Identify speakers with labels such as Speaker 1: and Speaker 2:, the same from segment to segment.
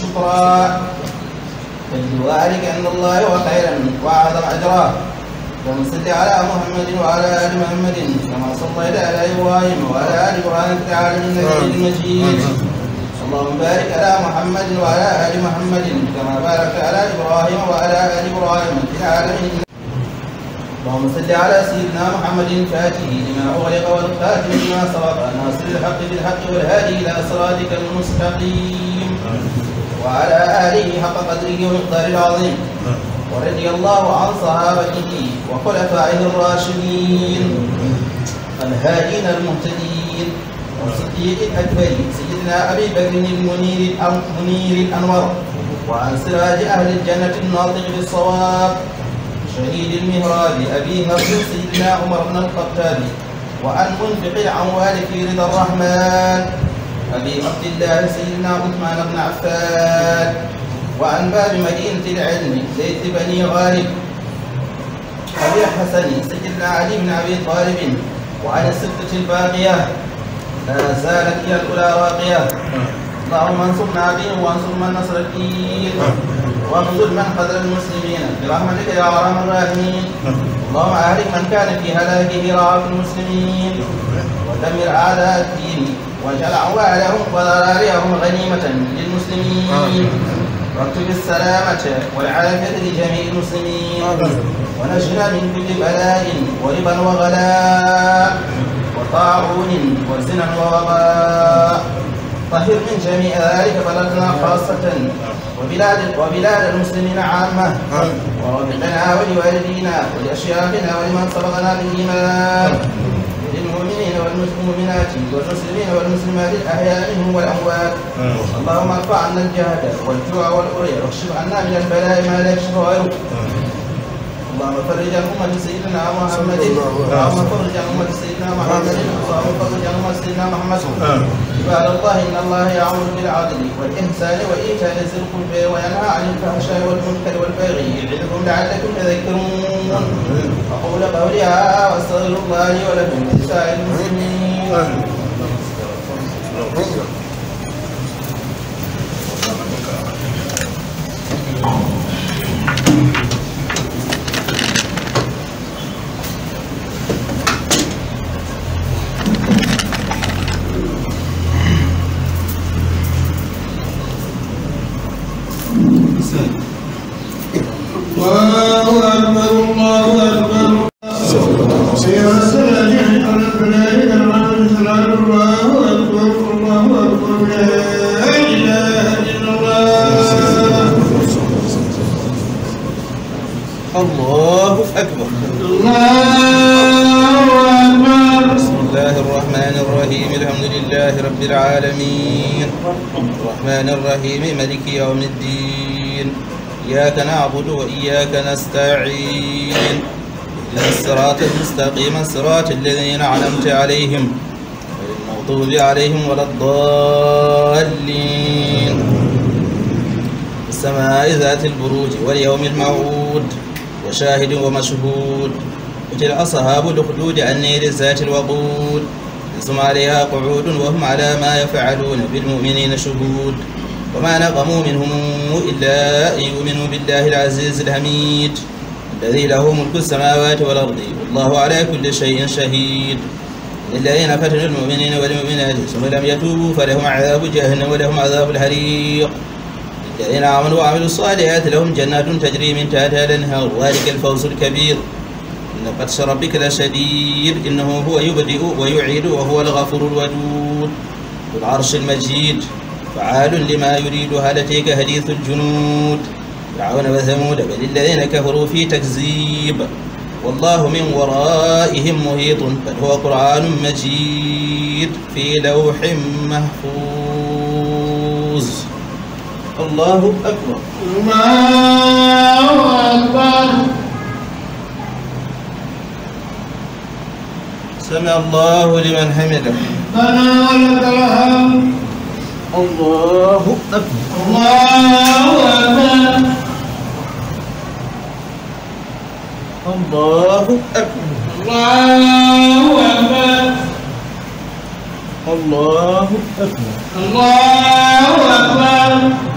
Speaker 1: شكرا تجد ذلك عند الله وخيرا وأعظم أجرا اللهم صل على محمد وعلى ال محمد كما صليت على ابراهيم وعلى ال ابراهيم في العالمين انك مجيد اللهم بارك على محمد وعلى ال محمد كما باركت على ابراهيم وعلى ال ابراهيم في العالمين اللهم صل على سيدنا محمد فاته لما أغلق والخاتم لما سبق ناصر الحق بالحق والهادي إلى صراطك المستقيم وعلى آله حق قدره ومقداره العظيم ورضي الله عن صحابته وخلفائه الراشدين الهادين المهتدين والصديق الأكبر سيدنا أبي بكر المنير المنير الأنور وعن سراج أهل الجنة الناطق بالصواب شهيد المهراب أبي هرب سيدنا عمر بن الخطاب وعن منفق الأموال في رضا الرحمن أبي عبد الله سيدنا عثمان بن عفان وعن باب مدينة العلم زيد بني غالب أبي حسن سيدنا علي بن أبي طالب وعن الستة الباقية لا زالت هي الأولى واقية اللهم انصرنا بهم وانصر من نصر الدين واغفر محفظ المسلمين برحمتك يا ارحم الراحمين اللهم اهلك من كان في هلاكه رعاة المسلمين ودمر اعداء الدين واجعل اعوانهم وذراريهم غنيمه للمسلمين واكتب السلامة والعافية لجميع المسلمين ونجنا من كل بلاء وربا وغلاء وطاعون وزنا ووباء طهر من جميع ذلك بلدنا خاصة وبلاد وبلاد المسلمين عامة وربنا ولوالدينا ولأشياخنا ولمن سبقنا بالإيمان للمؤمنين والمؤمنات والمسلمين والمسلمات الأحياء منهم والأموات اللهم ارفع عنا الجهد والجوع والقرية واكشف عنا من البلاء ما لا يكشف غيرك اللهم فرج عن أمة سيدنا محمد اللهم فرج عن أمة سيدنا محمد اللهم فرج عن أمة سيدنا محمد عباد الله إن الله يعمل بالعدل والإحسان وإيتاء ذي القربى وينهى عن الفحشاء والمنكر والبغي يعظكم لعلكم تذكرون أقول قولي هذا وأستغفر الله لي ولكم لسائر المسلمين الله أكبر الله أكبر بسم الله الرحمن الرحيم الحمد لله رب العالمين الرحمن الرحيم ملك يوم الدين إياك نعبد وإياك نستعين إلى الصراط المستقيم صراط الذين أنعمت عليهم المغضوب عليهم ولا الضالين السماء ذات البروج واليوم الموعود وشاهد ومشهود قتل أصحاب الأخدود عني لذات الوقود ثم عليها قعود وهم على ما يفعلون بالمؤمنين شهود وما نقموا منهم إلا أن يؤمنوا بالله العزيز الحميد الذي له ملك السماوات والأرض والله على كل شيء شهيد للذين فتنوا المؤمنين والمؤمنات ثم لم يتوبوا فلهم عذاب جهنم ولهم عذاب الحريق الذين آمنوا وعملوا الصالحات لهم جنات تجري من تحتها الأنهار ذلك الفوز الكبير إن بطش ربك لشديد إنه هو يبدئ ويعيد وهو الغفور الودود ذو العرش المجيد فعال لما يريد هل تيك حديث الجنود فرعون وثمود بل الذين كفروا في تكذيب والله من ورائهم محيط بل هو قرآن مجيد في لوح محفوظ allahu akbar
Speaker 2: allahu akbar
Speaker 1: sami allahu liman hamida lana lakal hamd allahu akbar allahu akbar allahu akbar allahu akbar الله أكبر الله أكبر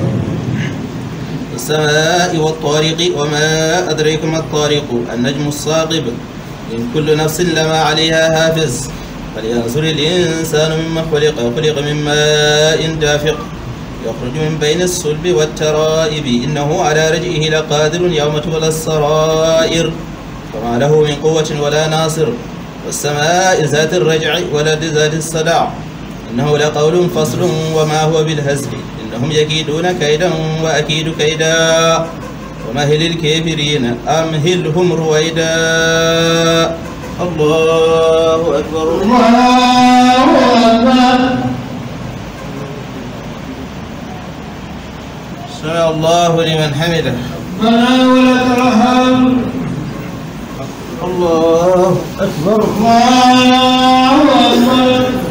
Speaker 1: والسماء والطارق وما أدريك ما الطارق النجم الصاقب إن كل نفس لما عليها حافظ فلينظر الإنسان مما خلق خلق من ماء دافق يخرج من بين الصلب والترائب إنه على رجعه لقادر يوم تولى السرائر فما له من قوة ولا ناصر والسماء ذات الرجع ولد ذات الصدع إنه لقول فصل وما هو بالهزل وهم يكيدون كيدا وأكيد كيدا ومهل الكافرين أمهلهم رويدا الله أكبر الله
Speaker 2: أكبر
Speaker 1: سمع الله لمن حمده ربنا ولك الحمد الله أكبر الله أكبر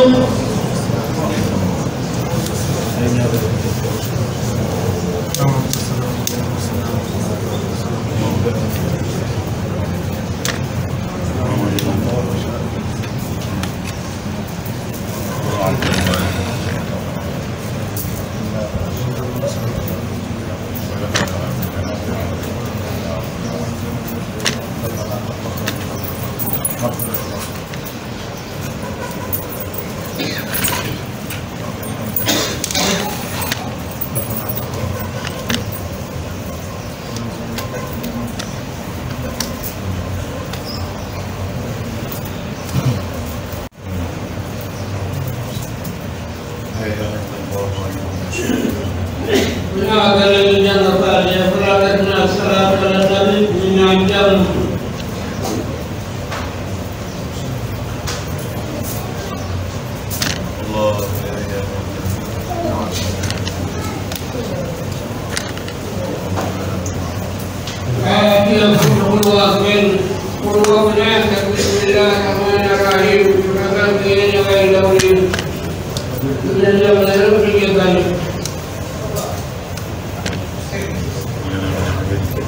Speaker 1: إنك لن ينفع فلا تكن الصلاة لنا منك من عجل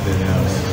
Speaker 1: than else.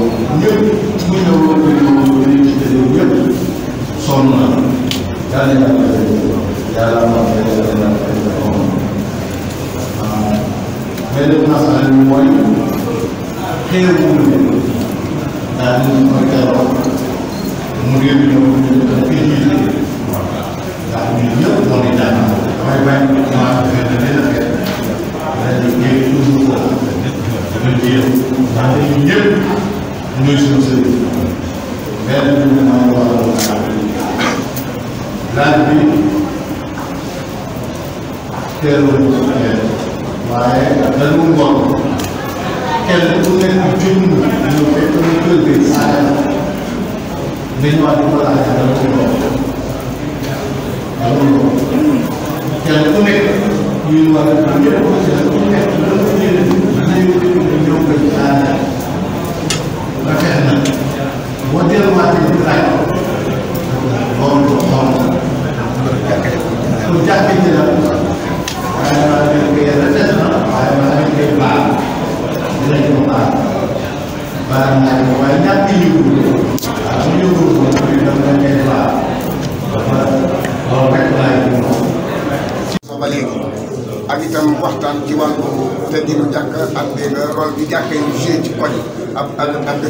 Speaker 2: ñëpp bu ñu woo bu ñu woo bu ñu ci réew ñëpp sonn na yàlla yàlla yàlla ma yàlla yàlla benn masala bi mooy xeeru daal di koy mooy suñu sëriñ benn bi ñu naan wàllu laaj bi teelul waaye dañ mu ngoon kenn ku nekk jëm ñu fekk ñu kër gi saaya dañu wax di ko laaj dañ ko ngoon dañ ko ngoon kenn ku nekk ñu war a am yëpp ku nekk dañ ko ñëw dañu ñëw ko ci saaya na boo delluwaatee ñu laaj ko loolu lu xool kon jàkkee ji la waaye maa ngi koy yàlla des na waaye maa ngi koy baal dinañ ko baal baal naa ko waaye ñàkk yi yëngu waaw bu yëngu ko muy dem dañ koy baal loolu rek laay ci ba léegi ak itam waxtaan ci wàllu tëddinu jàkk ak dégg rôle bi jàkkee yu joué ci koñ ab ak ak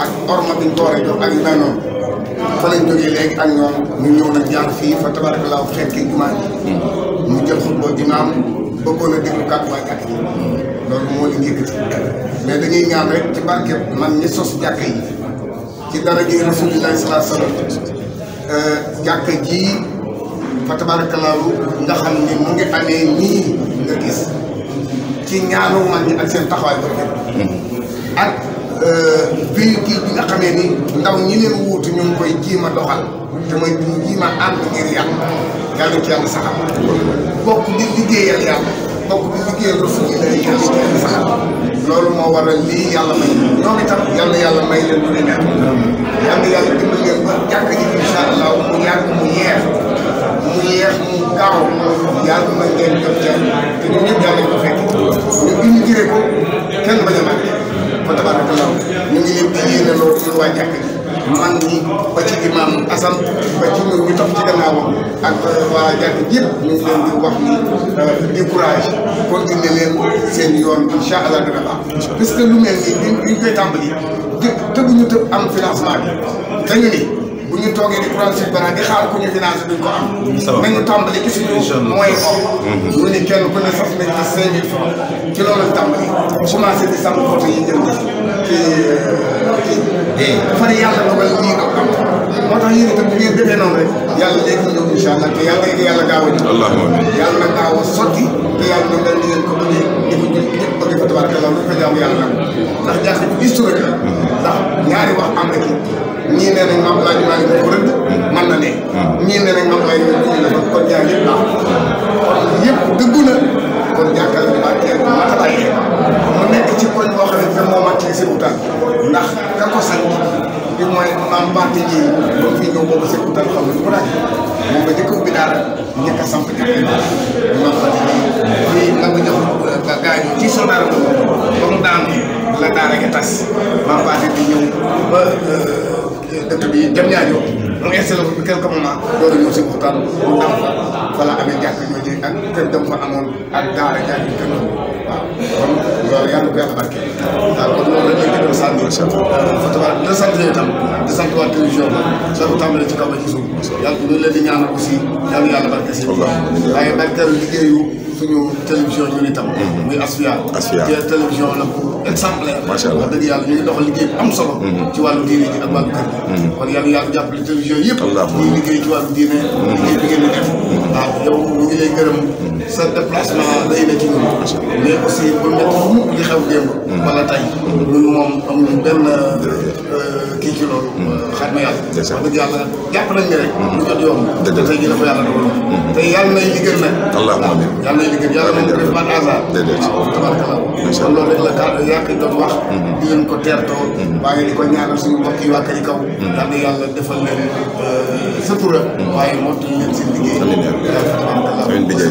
Speaker 2: ak orma bi ñu ko war a jox ak yu mel noonu fa lañ jógee léegi ñoom ñu ñëw nag jaar fii fa tabarakallah fekkee jumaa ji hmm. ñu jël xutba a di hmm. njëkkati mais dañuy ñaan ci barke man sos jàkk ci dara ji rasulillahi salaa sallam euh, jàkk ji fa tabarakallah nga xam ni mu ngi amee nii nga gis ci ñaanu man ak seen taxawaay ba ak véhicule euh, bi nga xamee ni ndaw ñi leen wuutu ñu ngi koy jiima doxal te mooy bu jiima ànd ngir yàlla yàlla ci yàlla saxal bokk liggéeyal yàlla bokk di liggéeyal Rasulullah yàlla ci yàlla saxal loolu moo waral lii yàlla may ñoom itam yàlla yàlla may leen kenn bañ a màgg fa tabarakallah ñu ngi leen di yéenaloo suñu waa jàkk ji man ñi ba ci imam Assane ba ci ñun ñu topp ci gannaawam ak euh, waa jàkk yëpp ñu ngi di wax ni euh, di courage continuer leen seen yoon incha allah dina baax puisque lu mel nii duñ koy tàmbali jëkk tëbuñu tëb am financement bi dañu ni ñu toogee di projet dara di xaar ku ñu financé duñ ko am. nañu tàmbali ci suñu mooy bopp. ñu mhm. ne kenn ku ne sax nañ ci cinq mille francs ci loolu tàmbali. commencé di sàmm oto yi jënd ci ci. Eh. dafay yàlla dogal lii nga am. moo tax yéen itam bu ngeen defee noonu rek. yàlla léegi ñëw incha allah te yàlla léegi yàlla gaaw a ñëw. yàlla na gaaw a sotti. te yàlla na mel ni ngeen ko bëggee ni ko ñëpp bëgg fa tabaraka loolu dafa jaamu yàlla nag. ndax jaaxle bi historique la. Mhm. ndax ñaari wax am na ci. ñii nee nañ maam laaj maa ngi def rëdd mën na ne hmm. ñii nee nañ maam laaj maa ngi def kon ñaar yëpp baax kon yëpp dëggu na kon jàkkal a bàyyi ko sant bi mooy maam Mbacke ji ba mu fi ñëw boobu Sébikotane xam ne bu laaj moom nga njëkk ubbi daara njëkk a samp jàkka maam Mbacke ji fii nangu jox euh, gaañu ci sonaar ba mu daan la daara gi tas maam Mbacke di ñëw ba euh, dëkk bi jëm ñaajo mu installé ko fi quelque moment loolu ñëw si waxtaan mu am fa fa la amee jàkk jooju ak kër dem fa amoon ak daara jàng kër waaw kon loolu yàlla ko yàlla barke waaw kon loolu lañ koy sant incha allah fa tabaar di sant yooyu tam di sant waa télévision ba soo ko tàmbalee ci kaw ba ci suuf yàlla loolu leen di ñaanal aussi yàlla yàlla barke si waaye barkeel liggéeyu suñu télévision ñun itam. Mhm. muy Asfiya. Asfiya te télévision la bu exemplaire. macha allah wax dëgg yàlla ñu ngi doxal liggéey am solo. Mhm. ci wàllu diine ji ak wàllu kër gi. Mhm. kon yàlla yàlla jàppale télévision yëpp. muy liggéey ci wàllu diine. liggéey bi ngeen di def. waaw ah, yow ñu ngi lay gërëm. sa déplacement day na ci ñun. mais aussi bu métti li xew démb. Mm. wala tay mm. loolu moom amul benn euh, kii ci loolu mm. euh, xaj ma yàlla wax dëgg yàlla jàpp nañ ñu rek lu jot yomb te tey ji la fa yàlla yàlla nay li gën nag allahumma amiin yàlla nay li gën yàlla moom def man hasard waaw tabaraka kon loolu rek la kàddu yaa ngi doon wax di leen ko teertoo waaye di ko ñaanal suñu mbokk yi wàkka yi kaw daal di yàlla defal leen euh, sa tura waaye moo tax leen seen liggéey amiin bi jaay